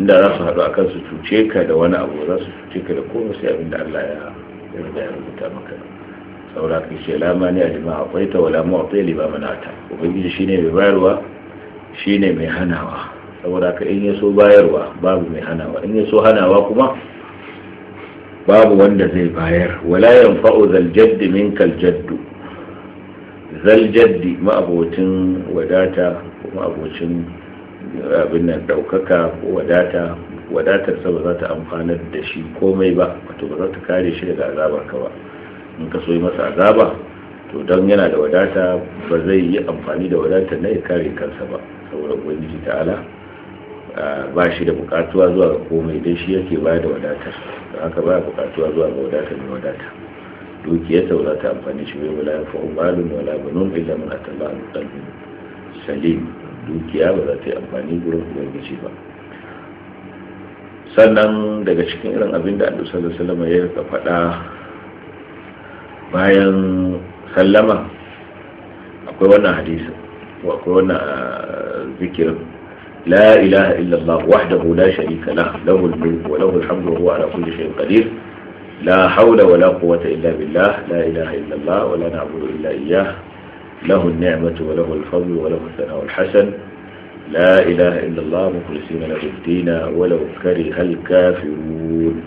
inda za su haɗu a kansu cuce ka da wani abu za su cuce ka da komai sai abin da Allah ya yarda ya rubuta maka saura ka ce lama ne a lima akwai ta wala mu akwai lima manata ubangiji shine mai bayarwa shine mai hanawa saboda ka in ya so bayarwa babu mai hanawa in ya so hanawa kuma babu wanda zai bayar wala yanfa'u zal jaddi minkal jaddu zal jaddi ma'abocin wadata ko ma'abocin abin nan ɗaukaka ko wadata wadatar sa ba za ta amfanar da shi komai ba wato ba za ta kare shi daga azabar ka ba in ka so yi masa azaba to don yana da wadata ba zai yi amfani da wadata na ya kare kansa ba saboda ubangiji ta'ala ba shi da bukatuwa zuwa ga komai dai shi yake ba da wadatar da haka ba bukatuwa zuwa ga wadatar mai wadata dukiyarsa ba za ta amfani shi wai wala ya fa'u malun wala banun illa man atalla salim dukiya ba za ta yi amfani gurin ubangiji ba sannan daga cikin irin abin da annabi sallallahu alaihi wasallam ya rika faɗa bayan sallama akwai wannan hadisi wa akwai wannan ah, zikirin لا إله إلا الله وحده لا شريك له له الملك وله الحمد وهو على كل شيء قدير لا حول ولا قوة إلا بالله لا إله إلا الله ولا نعبد إلا إياه له النعمة وله الفضل وله الثناء الحسن لا إله إلا الله مخلصين له الدين ولو كره الكافرون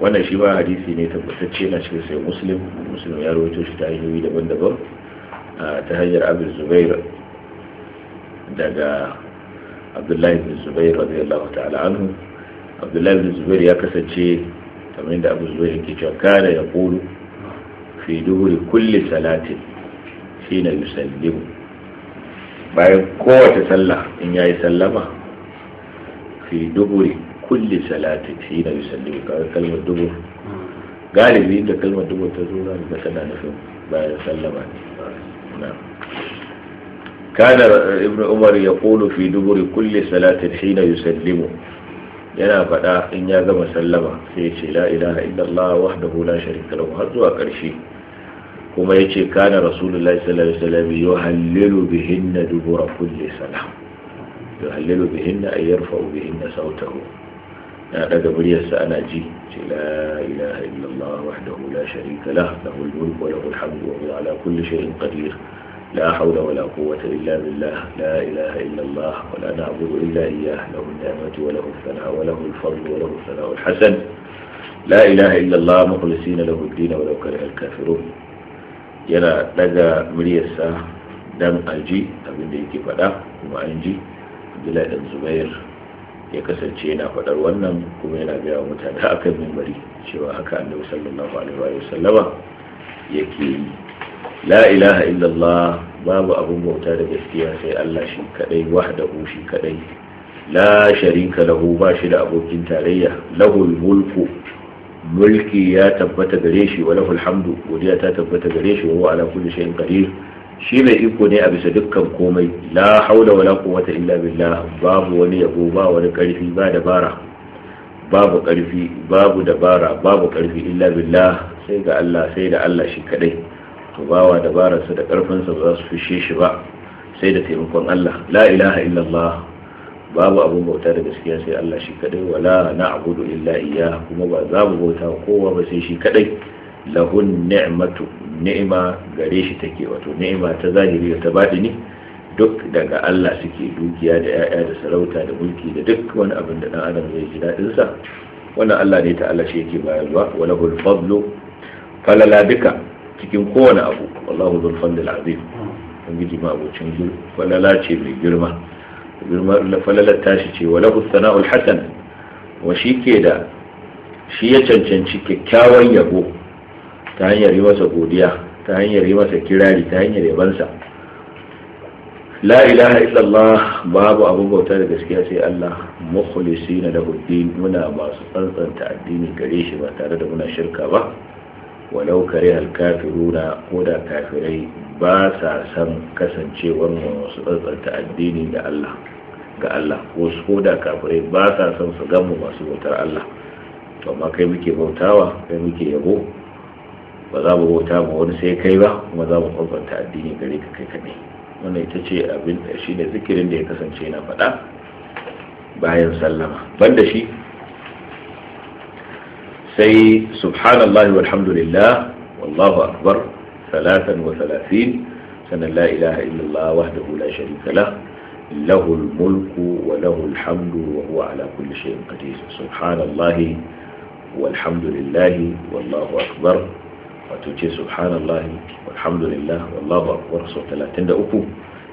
وانا شبا حديثي نيتا بسجينا شخص مسلم مسلم يارو توشي تاهي ويدا بندبر آه، تهجر عبد الزبير دقا عبد الله بن الزبير رضي الله تعالى عنه عبد الله بن الزبير يا كسجي تمين دا أبو الزبير كان يقول في دور كل سلاتل hina yusallimu bayan kowace sallah in ya yi sallama fi duburi kulli salatin hina yusallimu kaga kalmar dubu galibi da kalmar dubu ta zo za ga tana nufin bayan sallama ne كان ابن عمر يقول في دبر كل صلاة حين يسلم yana faɗa in ya gama sallama sai ce la ilaha illallah wahdahu la sharika lahu har zuwa ƙarshe كما يجي كان رسول الله صلى الله عليه وسلم يهلل بهن دبر كل سنة يهلل بهن أي يرفع بهن صوته هذا بريه سأناجي لا إله إلا الله وحده لا شريك له له الملك وله الحمد وهو على كل شيء قدير لا حول ولا قوة إلا بالله لا إله إلا الله ولا نعبد إلا إياه له النعمة وله الثناء وله الفضل وله الثناء الحسن لا إله إلا الله مخلصين له الدين ولو كره الكافرون yana daga muryarsa dan aji abinda yake faɗa kuma an ji abdullahi dan zubair ya kasance yana faɗar wannan kuma yana gaya wa mutane akan mimbari cewa haka annabi sallallahu alaihi wa sallama yake yi la ilaha illallah babu abun bauta da gaskiya sai Allah shi kadai wahdahu shi kadai la sharika lahu ba shi da abokin tarayya lahul mulku mulki ya tabbata gare shi wa lahul godiya ta tabbata gare shi wa huwa ala kulli shay'in qadir shi mai iko ne a bisa dukkan komai la haula wala quwwata illa billah babu wani yabo ba wani karfi ba dabara babu karfi babu dabara babu karfi illa billah sai ga Allah sai da Allah shi kadai to bawa dabararsa da karfinsa ba za su fishe shi ba sai da taimakon Allah la ilaha illallah babu abun bauta da gaskiya sai Allah shi kadai wala na'budu illa iya kuma ba za mu bauta kowa ba sai shi kadai lahun ni'matu gare shi take wato ni'ima ta zahiri da ta batini duk daga Allah suke dukiya da 'ya'ya da sarauta da mulki da duk wani abin da dan adam zai ji dadin sa wannan Allah ne ta Allah shi yake bayarwa wala hul fadlu falala duka cikin kowane abu wallahu dhul fadlil azim ubangiji ma abocin falala ce mai girma falalar tashi ce wa lahu sana'ul hasan wa shi ke da shi ya cancanci kyakkyawan yabo ta hanyar yi masa godiya ta hanyar yi masa kirari ta hanyar yabansa la ilaha illallah babu abu bauta da gaskiya sai Allah mukhlisina lahu din muna masu tsantsanta addini gare shi ba tare da muna shirka ba walau kare na ko da kafirai ba sa san kasancewar su tsantsanta addini da Allah ga Allah su ko da kafirai ba sa son su gamu masu bautar Allah to amma kai muke bautawa kai muke yabo ba za mu bauta ba wani sai kai ba kuma za mu tsantsanta addini gare ka kai kaɗai wannan ita ce abin da shi ne zikirin da ya kasance na faɗa bayan sallama banda shi sai subhanallah walhamdulillah wallahu akbar salatan wa salafin sanan la ilaha illallah wahdahu la sharika lah lahul mulku wa lahul hamdu ala kulli shay'in qadir subhanallah walhamdulillah wallahu akbar wato ce subhanallah walhamdulillah wallahu akbar so 33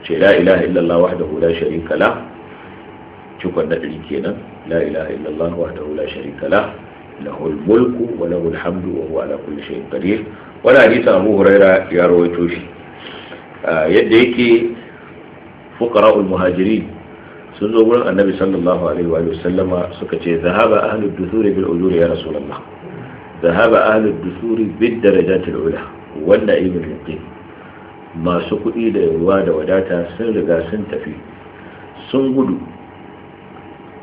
ce la ilaha illallah wahdahu la sharika lah cikon da kenan la ilaha illallah wahdahu la sharika lah lahul mulku wa lahul hamdu wa huwa ala kulli shay'in qadir wannan Abu Huraira ya rawaito shi yadda yake fuqara'ul muhajiri sun zo wurin annabi sallallahu alaihi wa sallama suka ce zahaba ahlud dusuri bil ujuri ya rasulullah zahaba ahlud dusuri bid darajatil ula wanda ibn masu kuɗi da ruwa da wadata sun riga sun tafi sun gudu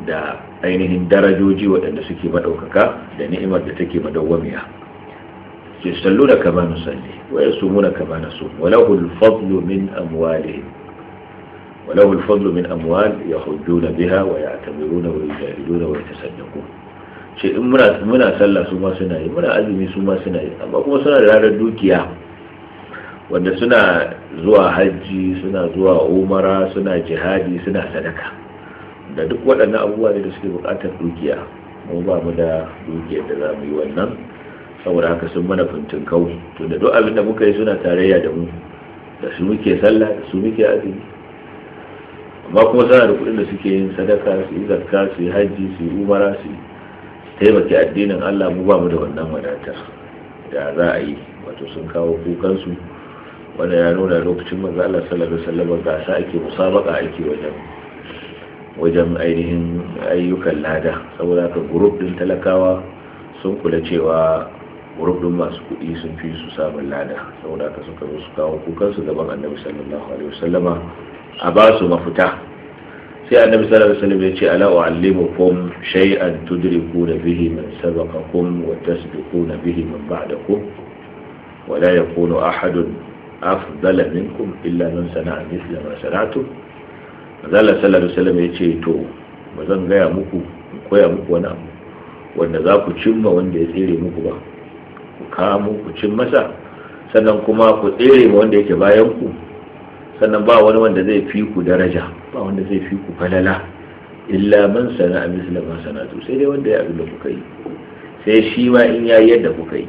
da ainihin darajoji waɗanda suke maɗaukaka da ni'imar da take madawwamiya ce sallu da kama nusalli wa ya sumu na kama na sumu wa lahul fadlu min amwalihim wa lahul fadlu min amwal ya na biha wa ya atamiruna wa yujahiduna wa yatasaddaqu ce in muna muna sallah su ma suna yi muna azumi su ma suna yi amma kuma suna da ranar dukiya wanda suna zuwa hajji suna zuwa umara suna jihadi suna sadaka da duk waɗannan abubuwa ne da suke buƙatar dukiya mu ba mu da dukiyar da za mu yi wannan saboda haka sun mana fintin kau to da duk abin da muka yi suna tarayya da mu da su muke sallah da su muke azumi amma kuma suna da kuɗin da suke yin sadaka su yi zakka su yi hajji su yi umara su taimaki addinin Allah mu ba mu da wannan wadatar da za a yi wato sun kawo kukansu wanda ya nuna lokacin manzo Allah sallallahu alaihi wasallam ga sa ake musabaka ake wajen wajen ainihin ayyukan lada saboda ka gurub din talakawa sun kula cewa gurub din masu kuɗi sun fi su samun lada saboda ka suka zo su kawo kukansu gaban annabi sallallahu alaihi wasallama a ba su mafita sai annabi sallallahu alaihi wasallam ya ce ala uallimukum shay'an tudrikuna bihi man sabaqakum wa tasbiquna bihi man ba'dakum wa la yakunu ahadun afdala minkum illa man sana'a mithla ma sana'tum zala sallallahu alaihi ya ce to ba zan gaya muku koya muku wani abu wanda za ku cimma wanda ya tsere muku ba ku kamo ku cin masa sannan kuma ku tsere ma wanda yake bayan ku sannan ba wani wanda zai fi ku daraja ba wanda zai fi ku falala illa man sana a misla ma sai dai wanda ya abin da kuka yi sai shi ma in ya yadda kuka yi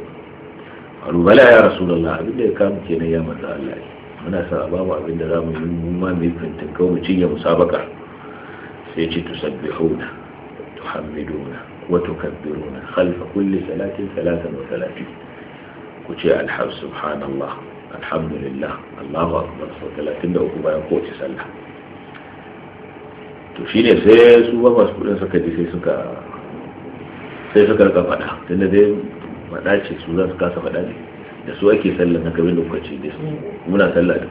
a rubala ya rasu abin da ya kama kenan ya manzo Allah muna sa a bamu abin da za mu yi mun ma mai fintin kawai mu cinye musabakar sai ce tu sabbi tusabbihuna tuhammiduna wa tukabbiruna khalfa kulli salatin salatan wa salatin ku ce alhamdu subhanallah alhamdulillah Allahu akbar sau 33 bayan kowace sallah to shi ne sai su ba masu kudin suka ji sai suka sai suka rika faɗa tunda dai faɗa ce su za su kasa faɗa ne da su ake sallan haka wani lokaci da su muna sallah da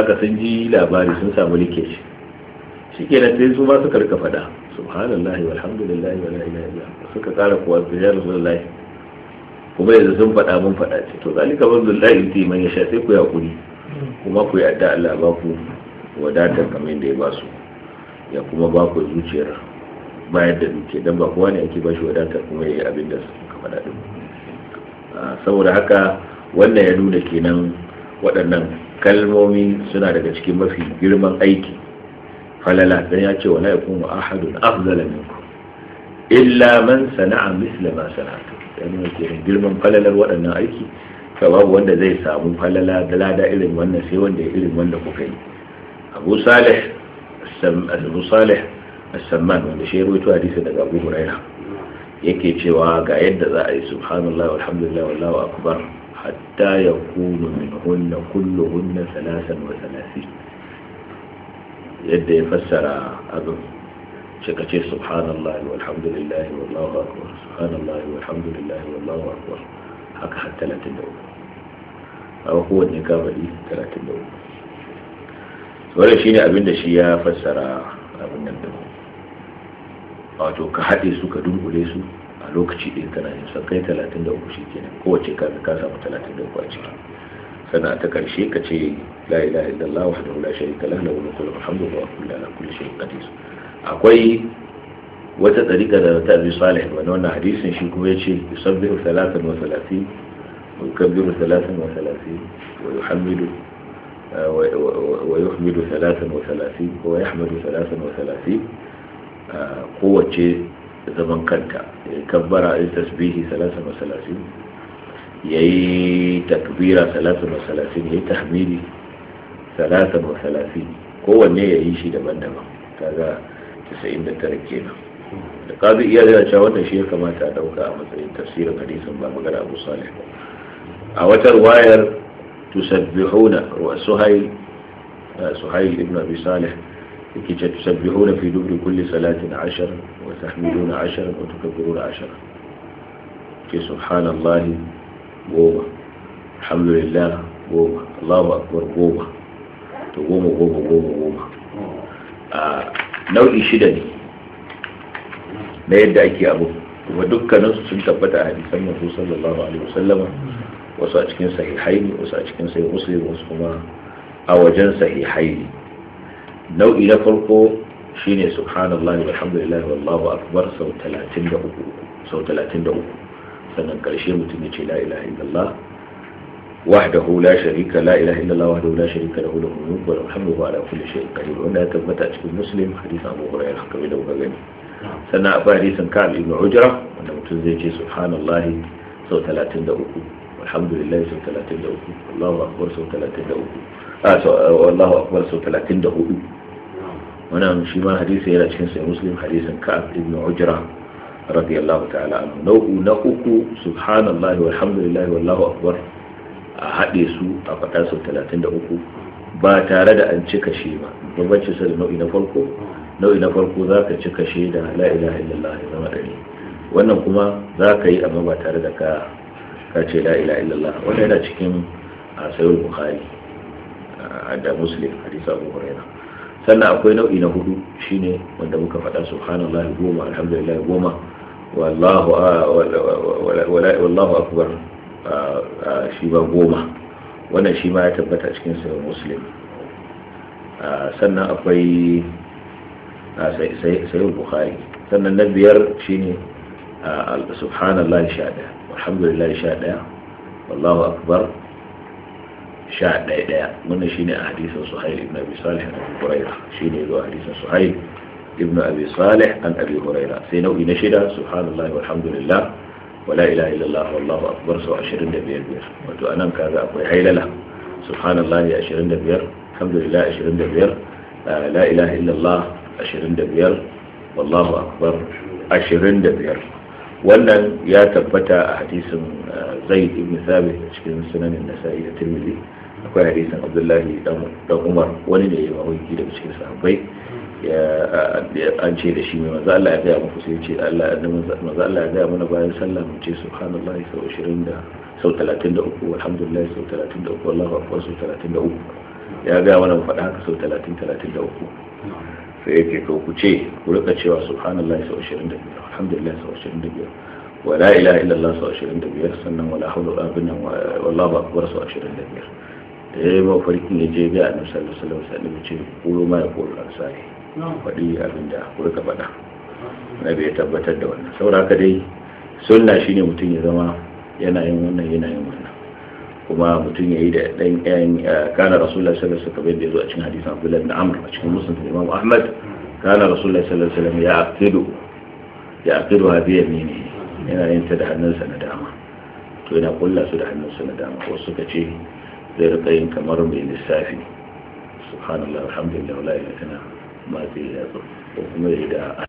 su ka sun ji labari sun samu likeshi shi ke na sai su ma suka rika fada subhanallah walhamdulillahi wa la ilaha illa suka kara kuwa da ya rasulullahi kuma yanzu sun fada mun fada ce to zalika wallahi yi man yasha sai ku yakuri kuma ku yadda Allah ba ku wadatar kamar da ya ba su ya kuma ba ku zuciyar bayar da duke dan ba kowa ne ake ba shi wadatar kuma ya yi abin da suka fada din saboda haka wannan ya nuna kenan waɗannan kalmomi suna daga cikin mafi girman aiki falala dan ya ce wala yakunu ahadun afdala minkum illa man sana'a misla ma girman falalar waɗannan aiki babu wanda zai samu falala da lada irin wannan sai wanda ya irin wanda kuka yi Abu Salih Abu Salih As-Samman wanda shi ya rawaito hadisi daga Abu Hurairah yake cewa ga yadda za a yi subhanallah walhamdulillah wallahu akbar hatta yakunu min hunna kullu hunna salasan wa salasi yadda ya fassara abin suka ce subhanallah walhamdulillah wallahu akbar subhanallah walhamdulillah wallahu akbar haka har talatin da 33 a kowanne gabari 33 wannan shine abin da shi ya fassara abin nan da mu wato ka haɗe su ka dunkule su a lokaci ɗin kana yin son kai talatin 33 shi kenan kowace kaga ka samu 33 a ciki sannan ta karshe ka ce la ilaha illallah wahdahu la sharika lahu lahu mulku wa hamdu wa kullu ala kulli shay'in qadir akwai wata tsarika da ta bi salih wani wannan hadisin shi kuma yace yusabbihu salatan wa salati wa yukabbiru salatan wa salati wa yuhammidu ويحمد wa وثلاثين ويحمد ثلاثا وثلاثين kowace zaman kanta ya kabbara ya tasbihi salasa masalasin ya yi takbira salasa masalasin ya yi tahmidi salasa masalasin kowanne ya yi shi daban-daban kaga 99 kenan da kazi iya yana cewa wannan shi ya kamata a dauka a matsayin tafsirin hadisin ba magana abu salih a wata ruwayar tusabbihuna wa suhail suhail ibn abi salih yake sabbihu na fi dubri kulli salatin ashar wa tahmiduna ashar wa tukabbiruna ashar ke subhanallah goma alhamdulillah goma Allahu akbar goma to goma goma goma goma a nau'i shida ne na yadda ake abu kuma dukkaninsu sun tabbata a hadisan manzo sallallahu alaihi wasallama wasu a cikin sahihaini wasu a cikin sahih muslim wasu kuma a wajen sahihaini nau'i na farko shine subhanallahi walhamdulillahi wallahu akbar sau 33 sau 33 sannan karshe mutum ya ce la ilaha illallah wahdahu la sharika la ilaha illallah wahdahu la sharika lahu lahu mulku wa lahu ala kulli shay'in qadir wanda ya tabbata cikin muslim hadith Abu Hurairah kamar da kuka gani sannan akwai hadisin Ka'ab ibn Ujra wanda mutum zai ce subhanallahi sau 33 walhamdulillah sau 33 akbar sau 33 ah wallahu akbar sau 34 wannan shi ma hadisi yana cikin sai muslim hadisin ka'ab ibn ujra radiyallahu ta'ala anhu nau'u na uku subhanallahi walhamdulillahi wallahu akbar a haɗe su a faɗa sau talatin da uku ba tare da an cika shi ba bambancin sa da nau'i na farko nau'i na farko za ka cika shi da la ilaha illallah ya zama ɗari wannan kuma za ka yi amma ba tare da ka ka ce la ilaha illallah wannan yana cikin a ah, sayar bukhari ah, da muslim hadisa abu hurairah sannan akwai nau'i na hudu shine wanda muka faɗa subhanallahi goma alhamdulillahi goma wallahu wallahu akbar shi ba goma wannan shi ma ya tabbata cikin sahih muslim sannan akwai sahih bukhari sannan na biyar shine subhanallahi sha daya alhamdulillahi sha daya wallahu akbar sha ɗaya ɗaya wannan shine a hadisin suhail ibn abi salih an abi huraira shine zuwa hadisin suhail ibn abi salih an abi huraira sai nau'i na shida subhanallahi walhamdulillah wala ilaha illallah wallahu akbar sau 25 biyar wato anan kaga akwai hailala subhanallahi 25 alhamdulillah 25 la ilaha illallah 25 wallahu akbar 25 wannan ya tabbata a hadisin zaid ibn sabit cikin sunanin nasa'i da tirmidhi akwai hadisin abdullahi dan umar wani ne ya mahauki daga cikin sahabbai an ce da shi mai maza Allah ya gaya muku sai ce maza Allah ya gaya mana bayan sallah mu ce subhanallahi sau 20 da sau 33 alhamdulillah sau 33 Allahu akbar sau ya gaya mana mu faɗa haka sau 30 33 sai ya ce to ku ce ku rika cewa subhanallah sau biyar. alhamdulillah sau 25 ولا illallah sau ashirin da biyar. sannan wala haula abin nan wallahu akbar da biyar. da ya mafarkin ya je biya a annabi sallallahu alaihi wasallam ce kulu ma ya kulu ansari faɗi abinda ku rika faɗa nabi ya tabbatar da wannan saboda haka dai sunna ne mutum ya zama yana yin wannan yana yin wannan kuma mutum ya yi da ɗan ƴan kana rasulullah sallallahu alaihi wasallam ya zo a cikin hadisin abdullahi ibn amr a cikin musnad imam ahmad kana rasulullah sallallahu alaihi wasallam ya aqidu ya aqidu ha bi yamini yana yin ta da hannunsa na dama to yana kulla su da hannunsa na dama wasu suka ce زي طين كمر من السافي سبحان الله والحمد لله ولا إله إلا ما في هذا وما إذا